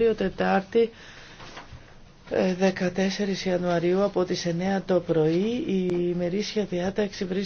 Αύριο Τετάρτη 14 ε, Ιανουαρίου από τις 9 το πρωί η ημερήσια διάταξη βρίσκεται